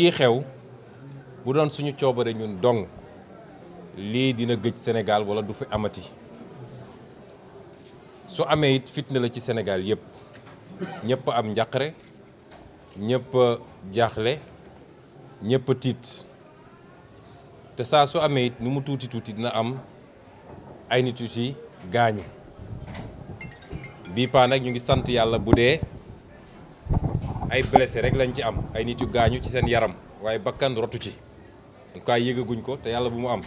yii xew bu doon suñu coobare ñun dong lii dina gëj senegaal wala du fi amati su amee it fitna la ci senegaal yëpp ñëpp am njaqare ñëpp jaaxle ñëpp tiit te saa su amee it nu mu tuuti tuuti dina am ay nit yu ci gaañu bii paa ñu ngi sant yàlla bu dee ay blessé rek lañ ci am ay nit yu gaañu ci seen yaram waaye bakkan rotu ci en tout cas ko te yàlla bu mu am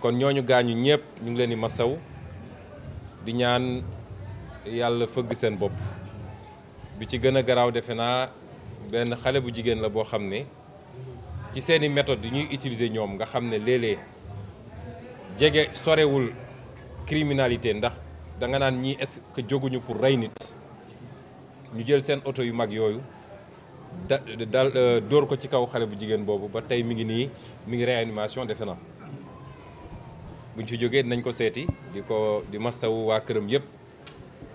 kon ñooñu gaañu ñëpp ñu ngi leen di masaw di ñaan yàlla fëgg seen bopp bi ci gën a garaaw defe naa benn xale bu jigéen la boo xam ne ci seeni méthode yi ñuy utiliser ñoom nga xam ne léeg-léeg jege sorewul criminalité ndax danga naan ñii est jóguñu pour rey nit ñu jël seen oto yu mag yooyu da dal euh, dóor ko ci kaw xale bu jigéen boobu ba tey mi ngi nii mi ngi animation defe na buñ fi jógee nañ ko seeti di ko di masawu waa këram yëpp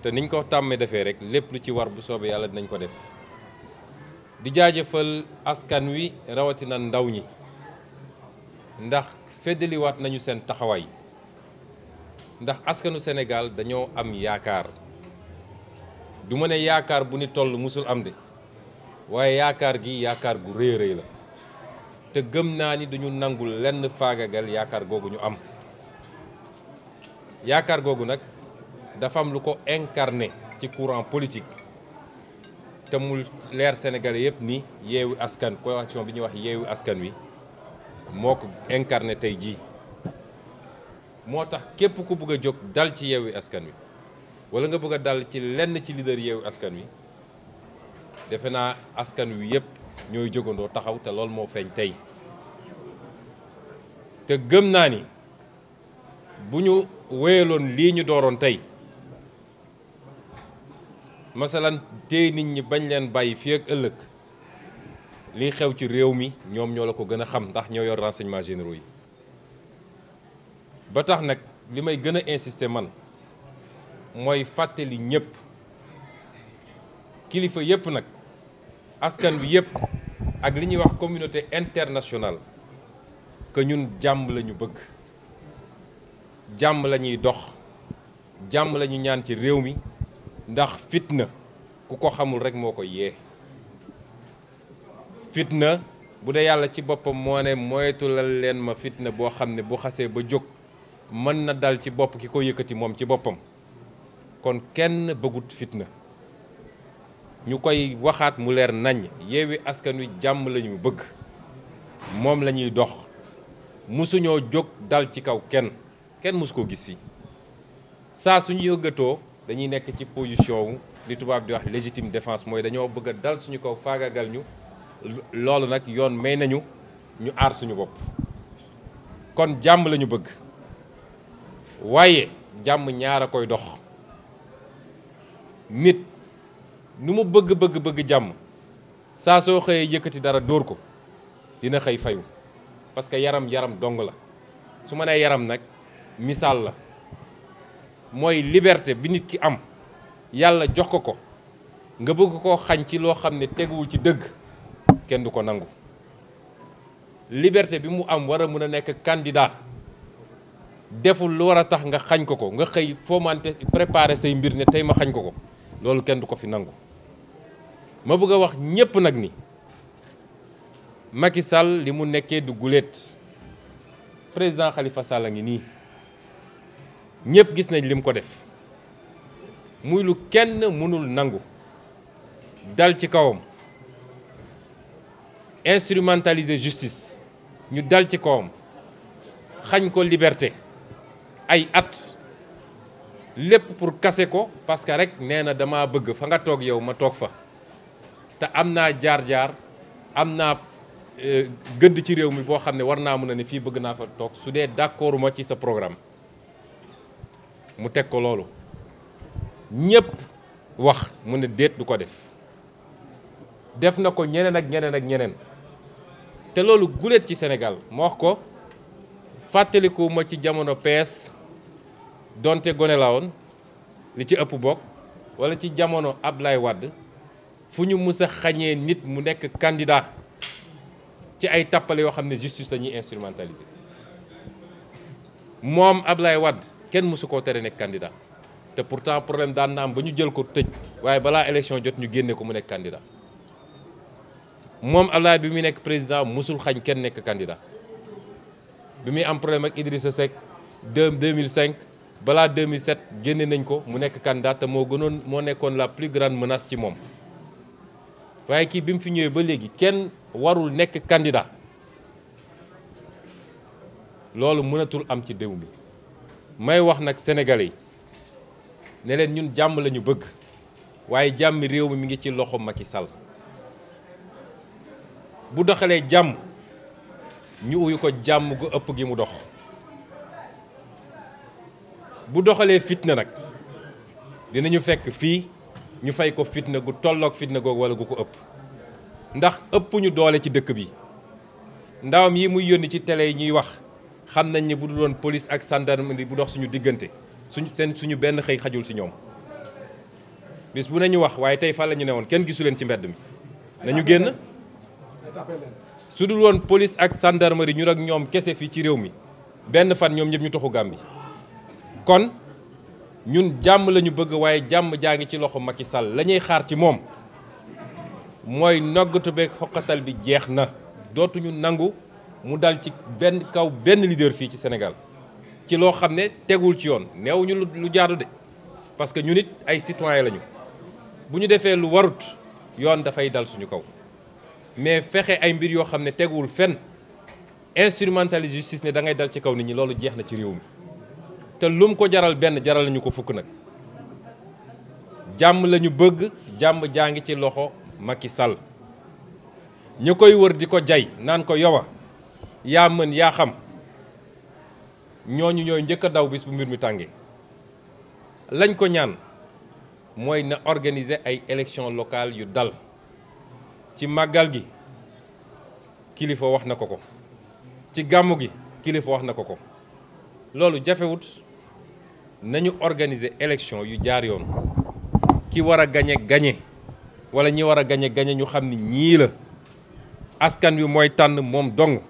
te niñ ko tàmmee defee rek lépp lu ci war bu soobee yàlla dinañ ko def di jaajëfal askan wi rawatina ndaw ñi ndax feddaliwaat nañu seen taxawaay ndax askanu Sénégal dañoo am yaakaar du ma ne yaakaar bu ni toll musul am de waaye yaakaar gi yaakaar gu rëy rëy la te gëm naa ni duñu nangu lenn faagagal yaakaar googu ñu am yaakaar googu nag dafa am lu ko incarné ci courant politique te mu leer sénégalais yëpp ni yeewu askan coalition bi ñuy wax yeewu askan wi moo ko incarné tey jii moo tax képp ku bugg a jóg dal ci yeewu askan wi wala nga bëgg a dal ci lenn ci leader yeewu askan wi defe naa askan wi yëpp ñooy jógandoo taxaw te loolu moo feeñ tey te gëm naa ni bu ñu wéyaloon lii ñu dooroon tey masalan tey nit ñi bañ leen bàyyi fi ak ëllëg lii xew ci réew mi ñoom ñoo la ko gën a xam ndax ñoo yor renseignements généro yi ba tax nag li may gën a insister man mooy fàttali ñëpp kilifa yëpp nag askan bi yëpp ak li ñuy wax communauté international que ñun jàmm lañu bëgg jàmm la ñuy dox jàmm la ñu ñaan ci réew mi ndax fitna ku ko xamul rek moo ko yee fitna bu dee yàlla ci boppam moo ne moytulal leen ma fitna boo xam ne bu xasee ba jóg mën na dal ci bopp ki ko yëkkati moom ci boppam kon kenn bëggut fitna ñu koy waxaat mu leer nañ Yewwi Askan Wi jàmm lañu bëgg moom lañuy ñuy dox musuñoo jóg dal ci kaw kenn kenn musu ko gis fii saa suñu yëggatoo dañuy nekk ci position wu li tubaab di wax légitime défense mooy dañoo bëgg dal suñu kaw faagagal ñu loolu nag yoon may nañu ñu aar suñu bopp kon jàmm lañu bëgg waaye jàmm ñaar a koy dox nit nu mu bëgg bëgg bëgg jàmm saa soo xëyee yëkkati dara dóor ko dina xëy fayu parce que yaram yaram dong la su ma nee yaram nag misaal la mooy liberté bi nit ki am yàlla jox ko ko nga bëgg koo xañ ci loo xam ne teguwul ci dëgg kenn du ko nangu liberté bi mu am war a mun a nekk candidat deful lu war a tax nga xañ ko ko nga xëy foo mante préparer say mbir ne tey ma xañ ko ko loolu kenn du ko fi nangu ma bëgg a wax ñépp nag ni Macky Sall li mu nekkee du guléet président xalifa Sall a ngi nii ñépp gis nañ lim ko def muy lu kenn mënul nangu dal ci kawam instrumentaliser justice ñu dal ci kawam xañ ko liberté ay at lépp pour kase ko parce que rek nee na dama bëgg fa nga toog yow ma toog fa te am naa jaar-jaar am naa euh, gëdd ci réew mi boo xam ne war naa mën na ne fii bëgg naa fa toog su dee d'accord ma ci sa programme mu teg ko loolu ñépp wax mu ne déet du ko def def na ko ñeneen ak ñeneen ak ñeneen te loolu guléet ci Sénégal ma wax ko fàttaliku ma ci jamono PS donte gone laa woon li ci ëpp bokk wala ci jamono lay wadd fu ñu mës xañee nit mu nekk candidat ci ay tappale yoo xam ne justice la ñuy moom moom Ablaye wadd kenn mësu koo tere nekk candidat te pourtant problème daan na am ba ñu jël ko tëj waaye balaa élection jot ñu génne ko mu nekk candidat moom Ablaye bi muy nekk président mosul xañ kenn nekk candidat bi muy am problème ak Idrissa Seck 2005 balaa 2007 génne nañ ko mu nekk candidat te moo gënoon moo nekkoon la plus grande menace ci moom waaye kii bi mu fi ñëwee ba léegi kenn warul nekk candidat loolu mënatul am ci déw mi may wax nag sénégalais yi ne leen ñun jàmm lañu bëgg waaye jàmmi réew mi mi ngi ci loxo Macky Sall bu doxalee jàmm ñu uyu ko jàmm gu ëpp gi mu dox bu doxalee fitna nag dinañu fekk fii ñu fay ko fitna gu tolloog fitna googu wala gu ko ëpp ndax ëpp ñu doole ci dëkk bi ndawam yi muy yónni ci tele yi ñuy wax xam nañ ne bu du doon police ak gendarmerie bu dox suñu diggante suñu seen suñu benn xëy xajul si ñoom bis bu nañu wax waaye tey fan la ñu ne kenn gisu leen ci mbedd mi nañu génn su dul woon police ak gendarmerie ñu rek ñoom kese fii ci réew mi benn fan ñoom ñëpp ñu toxu Gàmbi kon ñun jàmm la ñu bëgg waaye jàmm jaa ngi ci loxo Macky Sall la ñuy xaar ci moom mooy noggatu beeg xoqatal bi jeex na dootuñu nangu mu dal ci benn kaw benn leader fii ci Sénégal ci loo xam ne tegul ci yoon neewuñu lu jaadu de parce que ñu nit ay citoyen lañu bu ñu defee lu warut yoon dafay dal suñu kaw mais fexe ay mbir yoo xam ne teguwul fenn instrumentaliser justice ne da ngay dal ci kaw nit ñi loolu jeex na ci réew mi te lum ko jaral benn jaral ñu ko fukk nag jàmm lañu bëgg jàmm jaa ngi ci loxo Macky Sall ñu koy wër di ko jay naan ko yowa yaa mën yaa xam ñooñu ñooy njëkk daw bis bu mbir mi tàngee lañ ko ñaan mooy na organiser ay élections locales yu dal ci màggal gi kilifa wax na ko ko ci gàmmu gi kilifa wax na ko ko loolu jafewut nañu organiser élection yu jaar yoon ki war a gañe gañe wala ñi war a gañe gañe ñu xam ni ñii la askan wi mooy tànn moom dong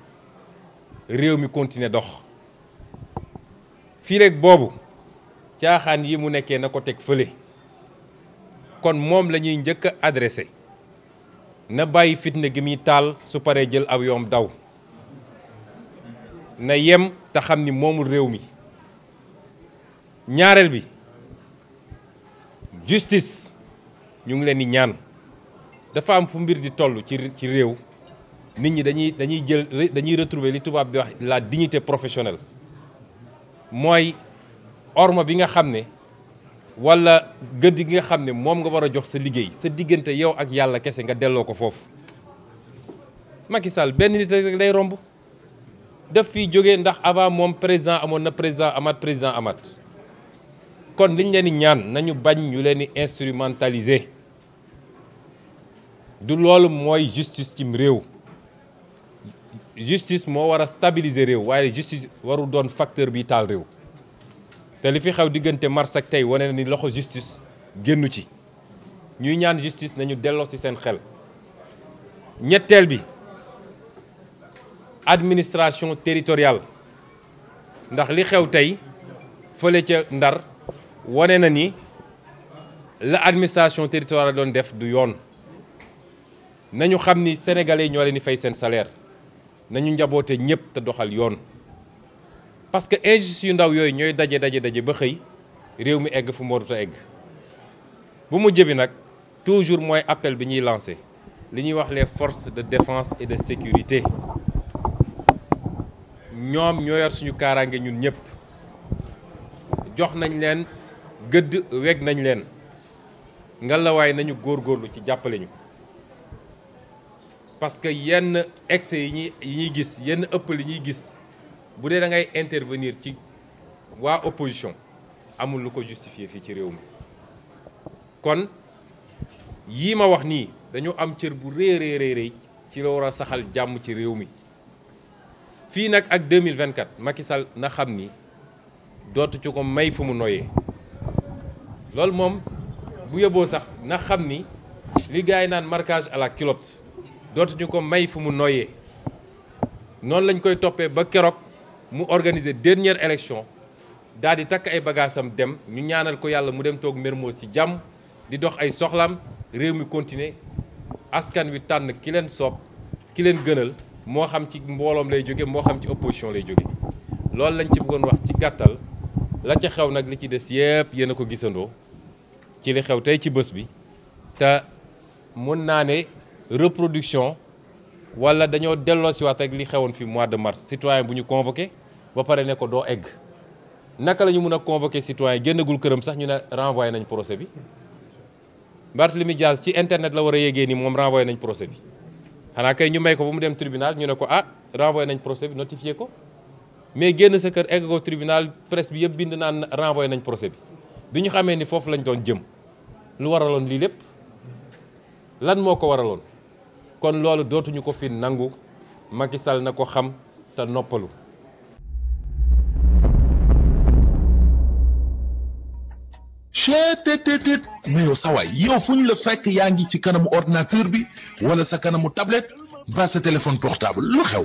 réew mi continuer dox fii rek boobu caaxaan yi mu nekkee na ko teg fële kon moom lañuy njëkk a adressé na bàyyi fitna gi muy taal su paree jël ab yoom daw na yem te xam ni moomul réew mi ñaareel bi justice ñu ngi leen di ñaan dafa am fu mbir di toll ci ci réew nit ñi dañuy dañuy jël dañuy retrouver li tubaab di wax la dignité professionnelle mooy orma bi nga xam ne walla gëdd gi nga xam ne moom nga war a jox sa liggéey sa diggante yow ak yàlla kese nga delloo ko foofu Macky Sall benn nit rek day romb def fiy jógee ndax avant moom président amoon na président amat président amat kon liñ leen di ñaan nañu bañ ñu leen di instrumentaliser du loolu mooy justice cim réew justice moo war a réew waaye justice warul doon facteur bi taal réew te li fi xew diggante mars tey wane na ni loxo justice génnu ci ñuy ñaan justice nañu delloo ci seen xel ñetteel bi administration teritorial ndax li xew tey fële ca Ndar wane na ni la administration territoriale doon def du yoon nañu xam ni sénégalais ñoo leen di fay seen salaire nañu njaboote ñëpp te doxal yoon parce que injustice yu ndaw yooyu ñooy daje daje daje ba xëy réew mi egg fu mu warut egg bu mu bi nag toujours mooy appel bi ñuy lancé li ñuy wax les forces de défense et de sécurité ñoom ñoo yor suñu kaaraange ñun ñëpp jox nañ leen gëdd weg nañ leen ngalawaay nañu góor góorlu ci jàppale ñu parce que yenn excès yi ñuy yi gis yenn ëpp li ñuy gis bu dee da ngay intervenir ci waa opposition amul lu ko justifier fii ci réew mi kon yii ma wax nii dañu am cër bu réy ci la war a saxal jàmm ci réew mi fii nag ak 2024 Macky Sall na xam ni dootu ci ko may fu mu noyee loolu moom bu yóbboo sax na xam ni li yi naan marquage à la culotte dootuñu ko may fu mu noyyee noonu lañ koy toppee ba keroog mu organiser dernière élection daal di takk ay bagaasam dem ñu ñaanal ko yàlla mu dem toog Mermoz ci jàmm di dox ay soxlaam réew mi continuer askan wi tànn ki leen soob ki leen gënal moo xam ci mbooloom lay jóge moo xam ci opposition lay jóge loolu lañ ci buggoon wax ci gàttal la ca xew nag li ci des yépp yéen a ko gisandoo ci li xew tey ci bés bi te mun naa ne reproduction walla dañoo delloo si waat rek li xewoon fi mois de mars citoyen bu ñu convoqué ba pare ne ko doo egg naka la ñu mun a convoqué citoyen génnagul këram sax ñu ne renvoyé nañ procès bi Barthélémy Dias ci internet la war a yégee ni moom renvoyé nañ procès bi xanaa kay ñu may ko ba mu dem tribunal ñu ne ko ah renvoyé nañ procès bi notifié ko mais génn sa kër egg ko tribunal presse bi yëpp bind naan renvoyé nañ procès bi bi ñu xamee ni foofu lañ doon jëm lu waraloon lii lépp lan moo ko waraloon kon loolu dootuñu ko fi nangu Macky na ko xam te noppalu chettt mais yow sawaay yow fu ñu la fekk yaa ngi ci kanamu ordinateur bi wala sa kanamu tablet ba sa téléphone portable lu xew